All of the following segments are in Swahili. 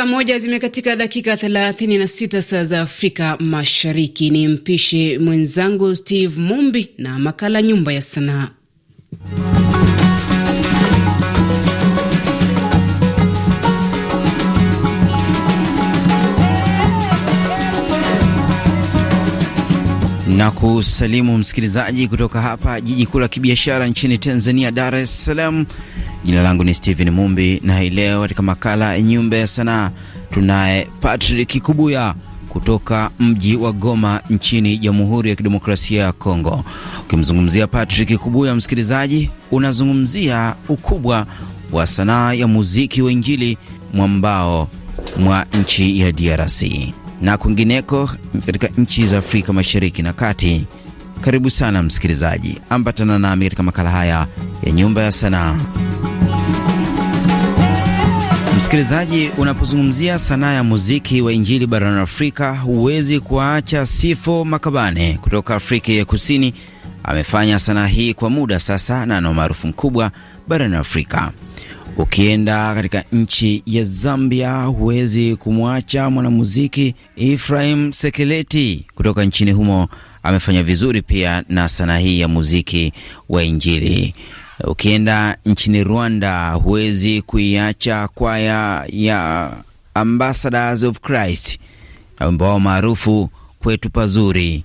Saa moja zimekatika dakika 36 saa za Afrika Mashariki. Ni mpishe mwenzangu Steve Mumbi na makala Nyumba ya Sanaa. na kusalimu msikilizaji kutoka hapa jiji kuu la kibiashara nchini Tanzania, Dar es Salaam. Jina langu ni Steven Mumbi, na hii leo katika makala ya Nyumba ya Sanaa tunaye Patrick Kubuya kutoka mji wa Goma nchini Jamhuri ya Kidemokrasia ya Kongo. Ukimzungumzia Patrick Kubuya, msikilizaji, unazungumzia ukubwa wa sanaa ya muziki wa Injili mwambao mwa nchi ya DRC na kwingineko katika nchi za Afrika Mashariki na Kati. Karibu sana msikilizaji, ambatana nami katika makala haya ya Nyumba ya Sanaa. Msikilizaji, unapozungumzia sanaa ya muziki wa injili barani Afrika huwezi kuwaacha sifo Makabane kutoka Afrika ya Kusini. Amefanya sanaa hii kwa muda sasa na ana umaarufu mkubwa barani Afrika. Ukienda katika nchi ya Zambia huwezi kumwacha mwanamuziki Ephraim Sekeleti kutoka nchini humo. Amefanya vizuri pia na sanaa hii ya muziki wa injili. Ukienda nchini Rwanda huwezi kuiacha kwaya ya Ambassadors of Christ na wimbo wao maarufu kwetu pazuri.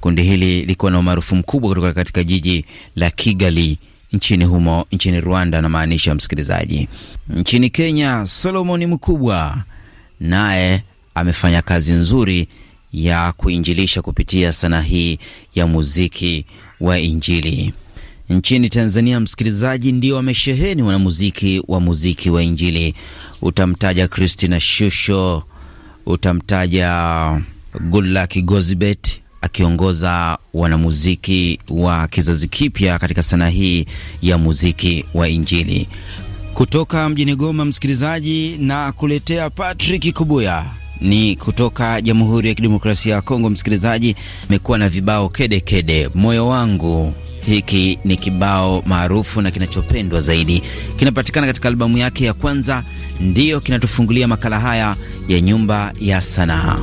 Kundi hili liko na umaarufu mkubwa kutoka katika jiji la Kigali nchini humo nchini Rwanda, namaanisha msikilizaji. Nchini Kenya, Solomoni Mkubwa naye amefanya kazi nzuri ya kuinjilisha kupitia sanaa hii ya muziki wa Injili. Nchini Tanzania, msikilizaji, ndio wamesheheni wanamuziki wa muziki wa Injili. Utamtaja Christina Shusho, utamtaja Goodluck Gozibet akiongoza wanamuziki wa kizazi kipya katika sanaa hii ya muziki wa Injili. Kutoka mjini Goma, msikilizaji, na kuletea Patrick Kubuya ni kutoka Jamhuri ya Kidemokrasia ya Kongo. Msikilizaji, amekuwa na vibao kedekede kede, moyo wangu hiki ni kibao maarufu na kinachopendwa zaidi, kinapatikana katika albamu yake ya kwanza, ndiyo kinatufungulia makala haya ya Nyumba ya Sanaa.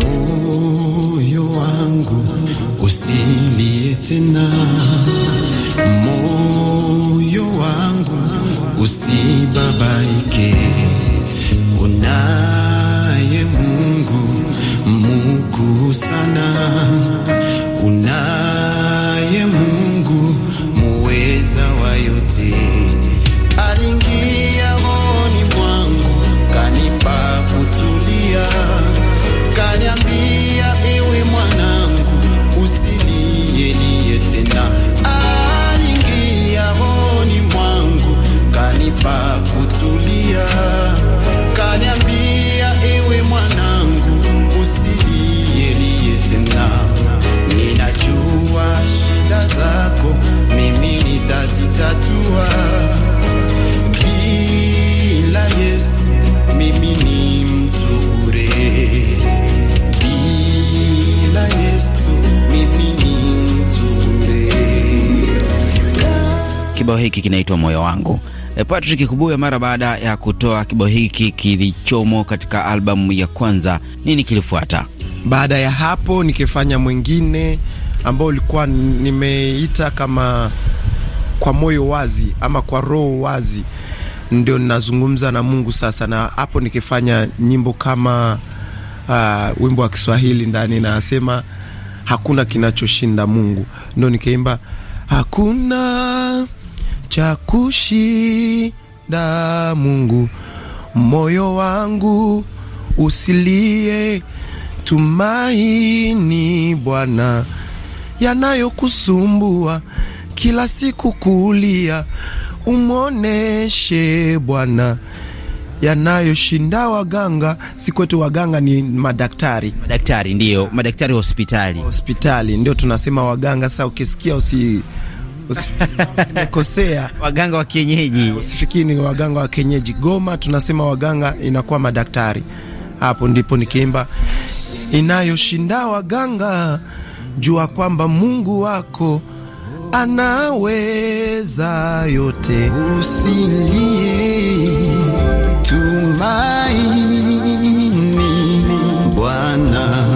Moyo wangu usilie tena, moyo wangu usibabaike, unaye Mungu mkuu sana moyo wangu. E, Patrick Kubuya mara baada ya kutoa kibao hiki kilichomo katika albamu ya kwanza, nini kilifuata baada ya hapo? Nikifanya mwingine ambao ulikuwa nimeita kama kwa moyo wazi ama kwa roho wazi, ndio ninazungumza na Mungu sasa, na hapo nikifanya nyimbo kama uh, wimbo wa Kiswahili ndani nasema hakuna kinachoshinda Mungu, ndio nikaimba hakuna cha kushinda Mungu, moyo wangu usilie, tumaini Bwana. Yanayokusumbua kila siku kulia, umwoneshe Bwana yanayoshinda waganga. Si kwetu waganga ni madaktari, madaktari ndio madaktari hospitali, hospitali ndio tunasema waganga. Sasa ukisikia usi Nimekosea. waganga wa kienyeji. Usifikiri ah, ni waganga wa kienyeji. Goma tunasema waganga inakuwa madaktari. Hapo ndipo nikiimba inayoshinda waganga, jua kwamba Mungu wako anaweza yote. Usilie, tumaini Bwana.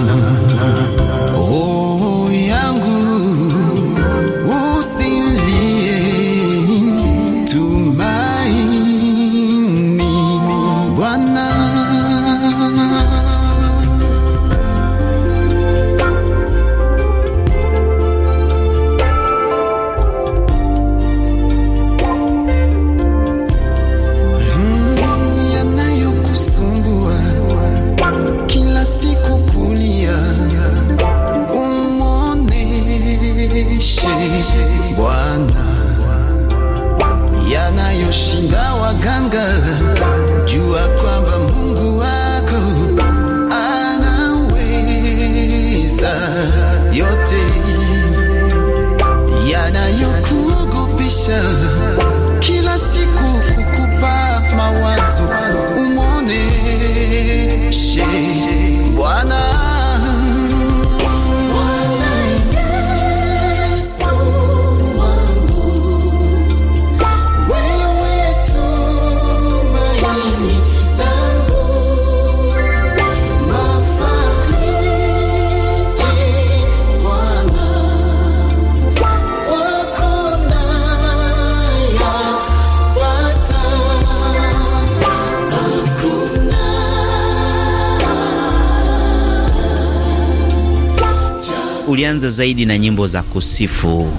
ulianza zaidi na nyimbo za kusifu,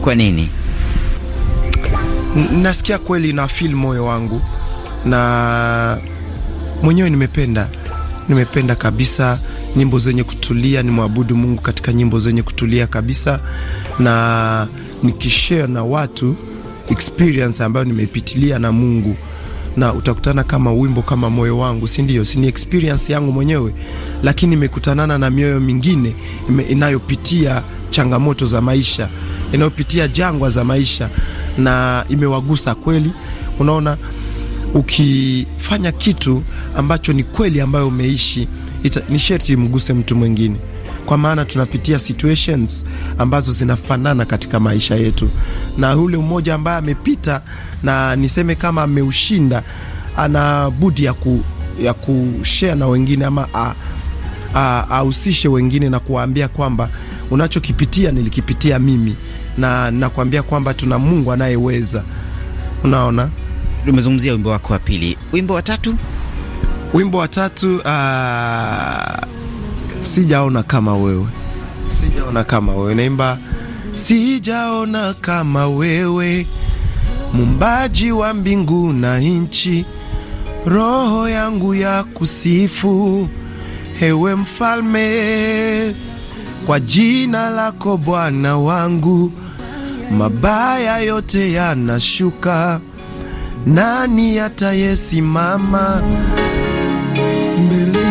kwa nini? nasikia kweli na feel moyo wangu na mwenyewe nimependa, nimependa kabisa nyimbo zenye kutulia, nimwabudu Mungu katika nyimbo zenye kutulia kabisa, na nikishare na watu experience ambayo nimepitilia na Mungu na utakutana kama wimbo kama moyo wangu, si ndio? Si ni experience yangu mwenyewe, lakini nimekutanana na mioyo mingine inayopitia changamoto za maisha, inayopitia jangwa za maisha na imewagusa kweli. Unaona, ukifanya kitu ambacho ni kweli ambayo umeishi ni sherti mguse mtu mwingine kwa maana tunapitia situations ambazo zinafanana katika maisha yetu, na yule mmoja ambaye amepita na niseme kama ameushinda, ana budi ya, ku, ya kushare na wengine ama ahusishe wengine na kuwaambia kwamba unachokipitia nilikipitia mimi, na nakuambia kwamba tuna Mungu anayeweza. Unaona, umezungumzia wimbo wako wa pili, wimbo wa tatu, wimbo wa tatu ah, sijaona kama wewe, sijaona kama wewe, naimba sijaona kama wewe, mumbaji wa mbingu na nchi, roho yangu ya kusifu hewe mfalme, kwa jina lako Bwana wangu, mabaya yote yanashuka, nani atayesimama mbele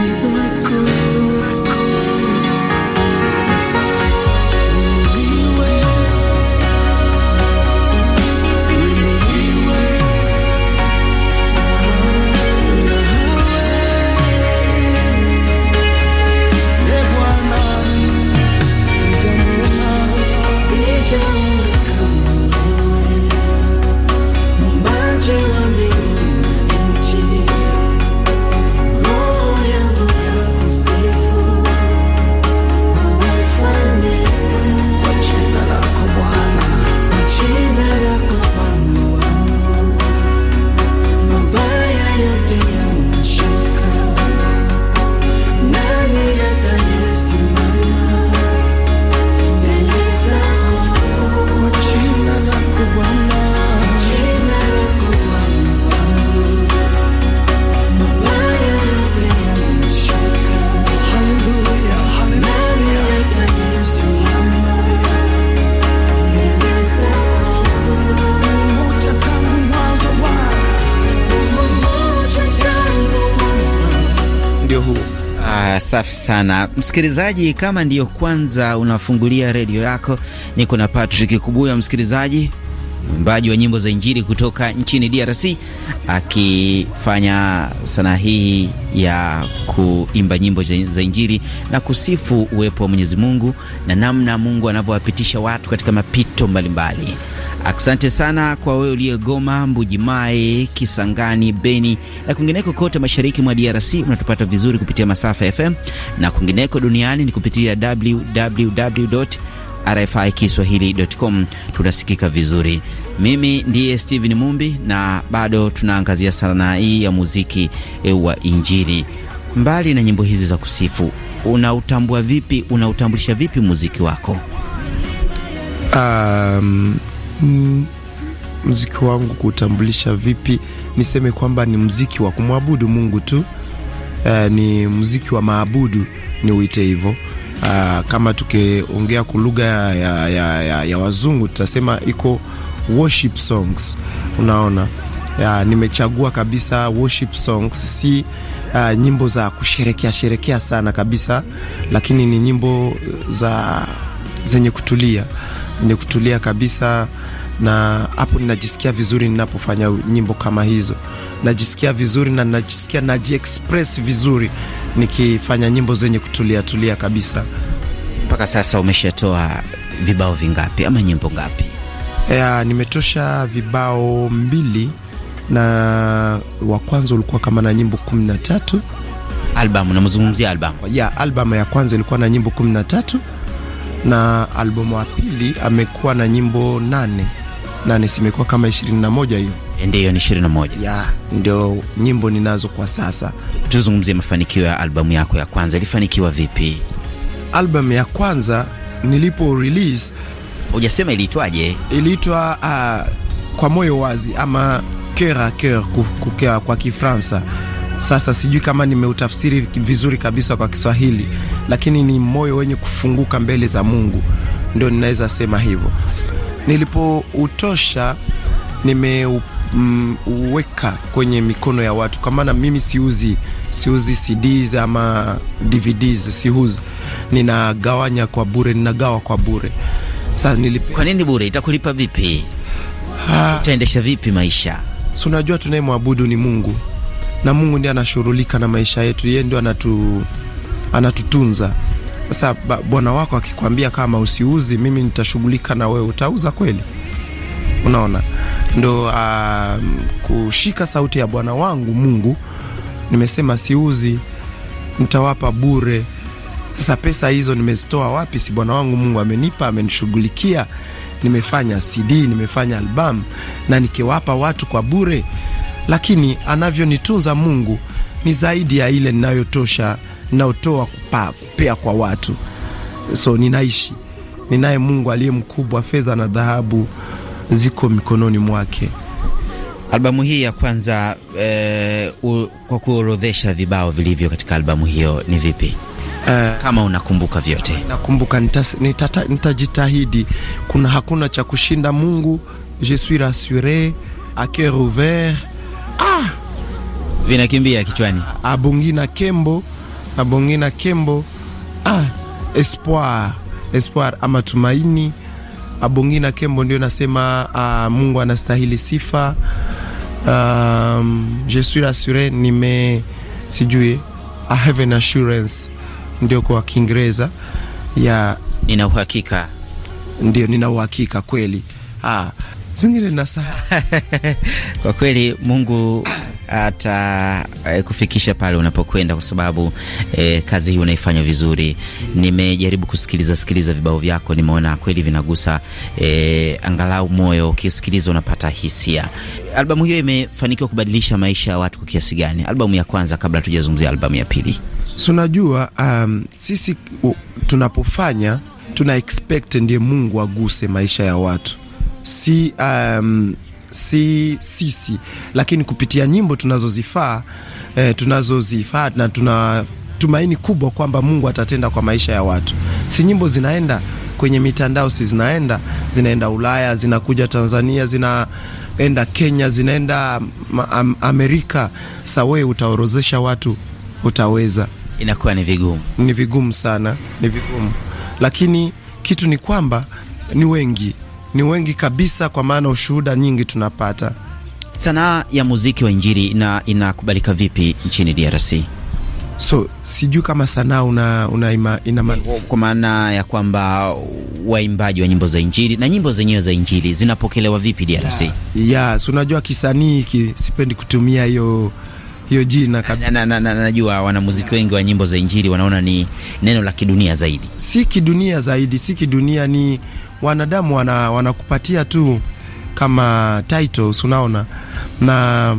Safi sana msikilizaji, kama ndiyo kwanza unafungulia redio yako, niko na Patrick Kubuya, msikilizaji, mwimbaji wa nyimbo za Injili kutoka nchini DRC, akifanya sanaa hii ya kuimba nyimbo za Injili na kusifu uwepo wa Mwenyezi Mungu na namna Mungu anavyowapitisha watu katika mapito mbalimbali mbali. Asante sana kwa wewe uliye Goma, Mbuji Mai, Kisangani, Beni na kwingineko kote mashariki mwa DRC. Unatupata vizuri kupitia masafa FM na kwingineko duniani ni kupitia www RFI Kiswahili.com. Tunasikika vizuri. Mimi ndiye Steven Mumbi na bado tunaangazia sana hii ya muziki wa Injili. Mbali na nyimbo hizi za kusifu, unautambua vipi, unautambulisha vipi muziki wako? Um, Mm, mziki wangu kuutambulisha vipi? Niseme kwamba ni mziki wa kumwabudu Mungu tu. Uh, ni mziki wa maabudu ni uite hivo Uh, ah, kama tukiongea ku lugha ya, ya, ya, ya wazungu tutasema iko worship songs, unaona. Ya, nimechagua kabisa worship songs, si uh, nyimbo za kusherekea sherekea sana kabisa, lakini ni nyimbo za zenye kutulia ni kutulia kabisa, na hapo ninajisikia vizuri. Ninapofanya nyimbo kama hizo najisikia vizuri na najisikia najiexpress vizuri nikifanya nyimbo zenye kutulia tulia kabisa. Mpaka sasa umeshatoa vibao vingapi ama nyimbo ngapi? Ya, nimetosha vibao mbili na wa kwanza ulikuwa kama na nyimbo kumi na tatu. Albamu namzungumzia albamu ya albamu ya kwanza ilikuwa na nyimbo kumi na tatu na albumu ya pili amekuwa na nyimbo nane nane, simekuwa kama 21 hiyo ndiyo ni 21. ya ndio nyimbo ninazo kwa sasa. Tuzungumzie mafanikio ya albamu yako ya kwanza, ilifanikiwa vipi? Albamu ya kwanza nilipo release, hujasema iliitwaje? Iliitwa uh, kwa moyo wazi ama cœur à kwa Kifransa. Sasa sijui kama nimeutafsiri vizuri kabisa kwa Kiswahili, lakini ni moyo wenye kufunguka mbele za Mungu, ndio ninaweza sema hivyo. Nilipoutosha nimeuweka mm, kwenye mikono ya watu, kwa maana mimi siuzi siuzi CDs ama DVDs, siuzi. Ninagawanya kwa bure, ninagawa kwa bure. Sasa nilipe. Kwa nini bure? Itakulipa vipi? Utaendesha ah. vipi maisha? Si unajua tunayemwabudu ni Mungu na Mungu ndiye anashughulika na maisha yetu, yeye ndio anatu, anatutunza. Sasa bwana wako akikwambia kama usiuzi, mimi nitashughulika na wewe, utauza kweli? Unaona, ndo um, kushika sauti ya bwana wangu Mungu, nimesema siuzi, nitawapa bure. Sasa pesa hizo nimezitoa wapi? Si bwana wangu Mungu amenipa, amenishughulikia. Nimefanya CD, nimefanya albamu na nikiwapa watu kwa bure lakini anavyonitunza Mungu ni zaidi ya ile ninayotosha ninayotoa kupea kwa watu. So ninaishi ninaye Mungu aliye mkubwa, fedha na dhahabu ziko mikononi mwake. Albamu hii ya kwanza eh, u, kwa kuorodhesha vibao vilivyo katika albamu hiyo ni vipi? Uh, kama unakumbuka vyote. Nakumbuka, nitajitahidi nita, kuna hakuna cha kushinda Mungu, je suis rassure, a cœur ouvert ah, vinakimbia kichwani. Abongina Kembo, Abongina Kembo, ah, espoir, espoir ama tumaini. Abongina Kembo ndio nasema ah, Mungu anastahili sifa. Um, je suis rassure, nime sijui I have an assurance ndio kwa Kiingereza ya nina uhakika, ndio nina uhakika kweli ah zingine na kwa kweli Mungu hata e, eh, pale unapokwenda kwa sababu e, kazi hii unaifanya vizuri. Nimejaribu kusikiliza sikiliza vibao vyako, nimeona kweli vinagusa e, angalau moyo. Ukisikiliza unapata hisia. Albamu hiyo imefanikiwa kubadilisha maisha ya watu kwa kiasi gani? Albamu ya kwanza, kabla tujazungumzia albamu ya pili. Unajua, um, sisi tunapofanya tuna expect ndiye Mungu aguse maisha ya watu si um, si sisi, lakini kupitia nyimbo tunazozifaa eh, tunazozifaa na tuna tumaini kubwa kwamba Mungu atatenda kwa maisha ya watu. Si nyimbo zinaenda kwenye mitandao, si zinaenda zinaenda Ulaya, zinakuja Tanzania, zinaenda Kenya, zinaenda am, Amerika. Sa wewe utaorozesha watu, utaweza? Inakuwa ni vigumu, ni vigumu sana, ni vigumu. Lakini kitu ni kwamba ni wengi ni wengi kabisa, kwa maana ushuhuda nyingi tunapata. Sanaa ya muziki wa injili na inakubalika vipi nchini DRC? So sijui kama sanaa una, una ima, ina kwa maana ya kwamba waimbaji wa nyimbo za injili na nyimbo zenyewe za injili zinapokelewa vipi DRC? Yeah, yeah, so unajua kisanii ki, sipendi kutumia hiyo hiyo jina kabisa. Na, na, na, na, najua wanamuziki wengi wa nyimbo za injili wanaona ni neno la kidunia zaidi. Si kidunia zaidi, si kidunia, ni wanadamu wana, wanakupatia tu kama titles unaona, na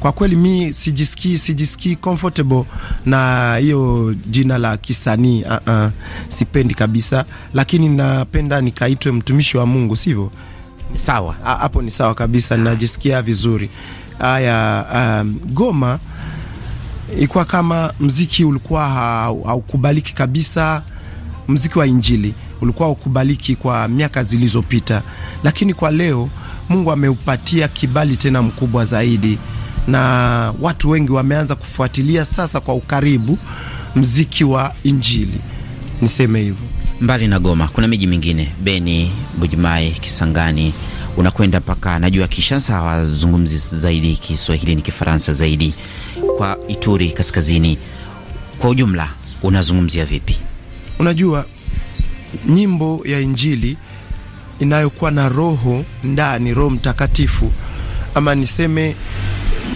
kwa kweli mi sijisikii sijisikii comfortable na hiyo jina la kisanii uh -uh, sipendi kabisa, lakini napenda nikaitwe mtumishi wa Mungu, sivyo? Sawa, hapo ni sawa kabisa, najisikia vizuri. Haya, um, Goma ilikuwa kama mziki ulikuwa haukubaliki kabisa, mziki wa Injili ulikuwa ukubaliki kwa miaka zilizopita, lakini kwa leo Mungu ameupatia kibali tena mkubwa zaidi, na watu wengi wameanza kufuatilia sasa kwa ukaribu mziki wa Injili, niseme hivyo. Mbali na Goma kuna miji mingine Beni, Bujimai, Kisangani, unakwenda mpaka najua kishasa hawazungumzi zaidi Kiswahili, ni Kifaransa zaidi. Kwa Ituri kaskazini, kwa ujumla unazungumzia vipi? Unajua nyimbo ya Injili inayokuwa na roho ndani, Roho Mtakatifu, ama niseme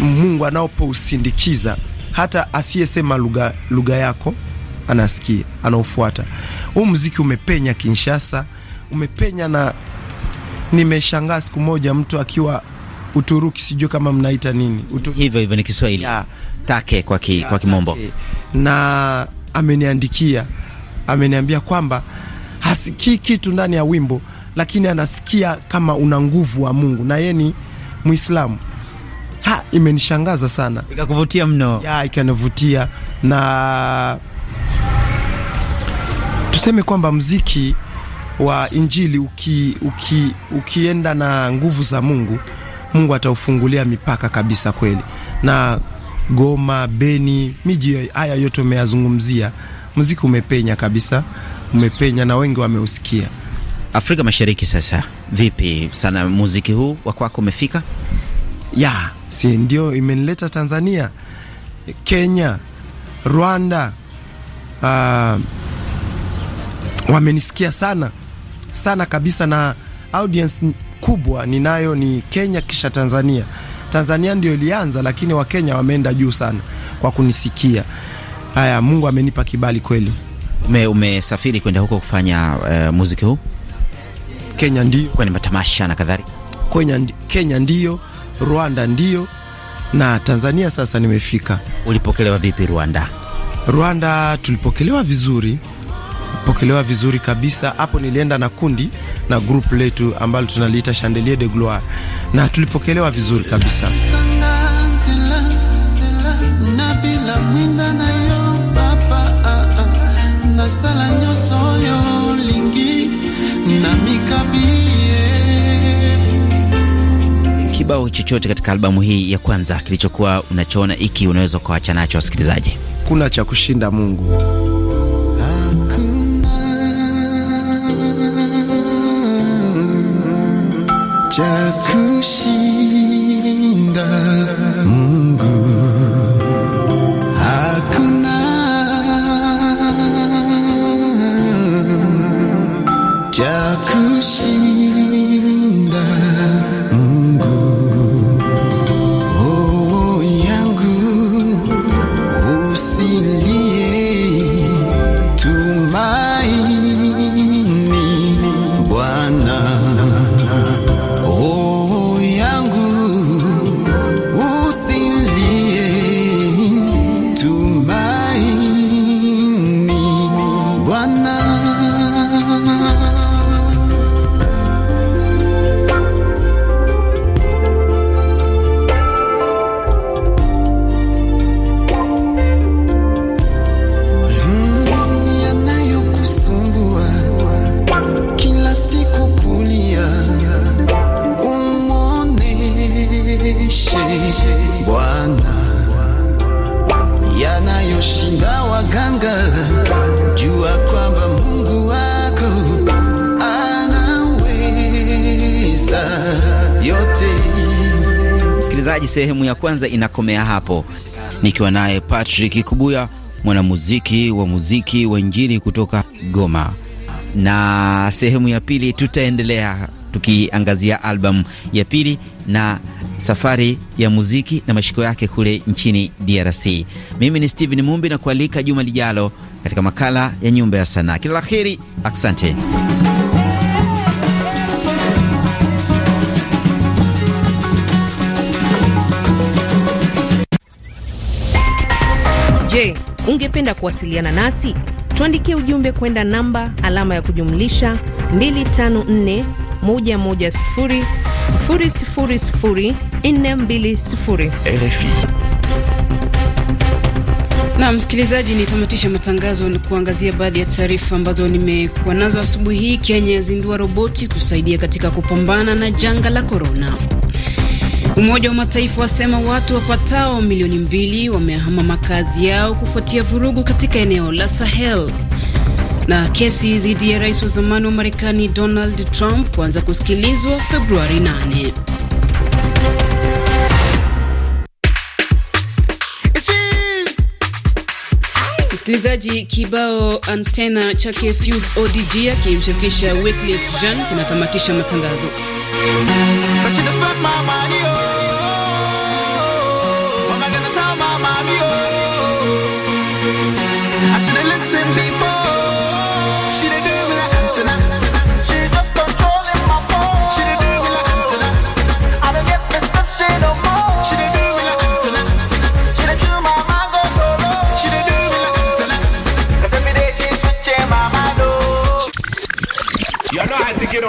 Mungu anaopousindikiza hata asiyesema lugha lugha yako anasikia, anaofuata huu mziki. Umepenya Kinshasa, umepenya na nimeshangaa siku moja mtu akiwa Uturuki, sijui kama mnaita nini Utu... Hivyo hivyo ni Kiswahili ya, take kwa, ki, ya, kwa kimombo take. Na ameniandikia ameniambia kwamba hasikii kitu ndani ya wimbo, lakini anasikia kama una nguvu wa Mungu na yeye ni Muislamu. Ha, imenishangaza sana. Ikakuvutia mno? Ya, ikanivutia na tuseme kwamba mziki wa Injili uki, uki, ukienda na nguvu za Mungu, Mungu ataufungulia mipaka kabisa kweli. Na Goma, Beni, miji haya yote umeyazungumzia, mziki umepenya kabisa umepenya na wengi wameusikia. Afrika Mashariki sasa vipi sana, muziki huu wa kwako umefika? Ya, si ndio imenileta Tanzania, Kenya, Rwanda, uh, wamenisikia sana sana kabisa, na audience kubwa ninayo ni Kenya kisha Tanzania. Tanzania ndio ilianza, lakini Wakenya wameenda juu sana kwa kunisikia. Haya, Mungu amenipa kibali kweli ume, umesafiri kwenda huko kufanya uh, muziki huu Kenya? Ndio, kwenye matamasha na kadhalika. Kenya ndio, Rwanda ndio na Tanzania sasa nimefika. Ulipokelewa vipi Rwanda? Rwanda tulipokelewa vizuri, pokelewa vizuri kabisa. Hapo nilienda na kundi na group letu ambalo tunaliita Chandelier de Gloire na tulipokelewa vizuri kabisa. au chochote katika albamu hii ya kwanza kilichokuwa unachoona iki unaweza kuacha nacho wasikilizaji? Kuna cha kushinda Mungu. Hakuna cha kushinda Mungu. Hakuna cha se livra. kushinda waganga. Jua kwamba Mungu wako anaweza yote. Msikilizaji, sehemu ya kwanza inakomea hapo, nikiwa naye Patrick Kubuya, mwanamuziki wa muziki wa Injili kutoka Goma, na sehemu ya pili tutaendelea tukiangazia albamu ya pili na safari ya muziki na mashiko yake kule nchini DRC. Mimi ni Steven Mumbi na kualika juma lijalo katika makala ya Nyumba ya Sanaa. Kila la heri, asante. Je, ungependa kuwasiliana nasi? Tuandikie ujumbe kwenda namba alama ya kujumlisha 254 na msikilizaji, nitamatisha matangazo na kuangazia baadhi ya taarifa ambazo nimekuwa nazo asubuhi hii. Kenya yazindua roboti kusaidia katika kupambana na janga la korona. Umoja wa Mataifa wasema watu wapatao milioni mbili wamehama makazi yao kufuatia vurugu katika eneo la Sahel na kesi dhidi ya rais wa zamani wa Marekani Donald Trump kuanza kusikilizwa Februari 8. Msikilizaji, kibao antena chake Fuse ODG akimshirikisha Wyclef Jean kinatamatisha matangazo.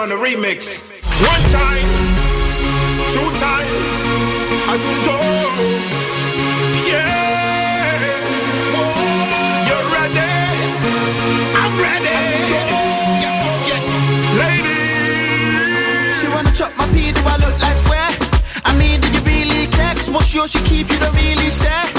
on the remix. One time, two time, as you go, Yeah, you ready. I'm ready. she wanna chop my pee, do I look like square? I mean, do you really what's yours keep, you don't really share.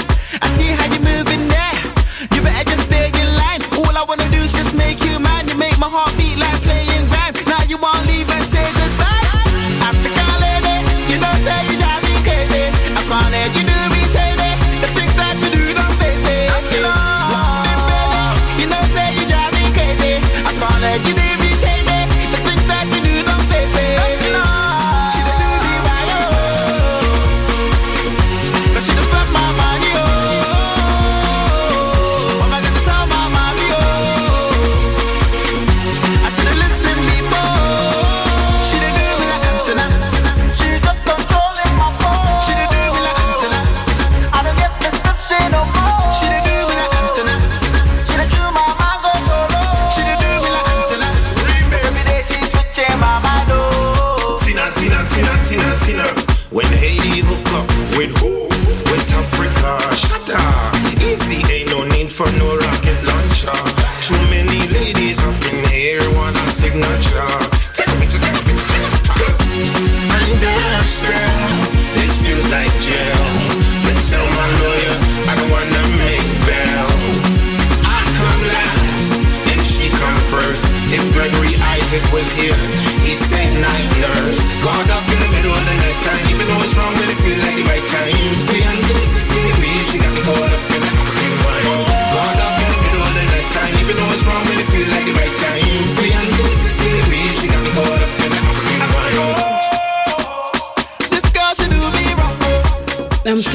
it was here. It's eight, nine years. Caught up in the middle of the night time. Even though it's wrong, but it feel like the right time. 360 degrees, she got me caught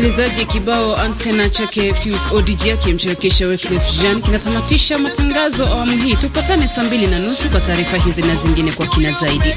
msikilizaji, kibao antena chake Fuse Odiji akimshirikisha Wyclef Jean kinatamatisha matangazo awamu hii. Tupatane saa mbili na nusu kwa taarifa hizi na zingine kwa kina zaidi.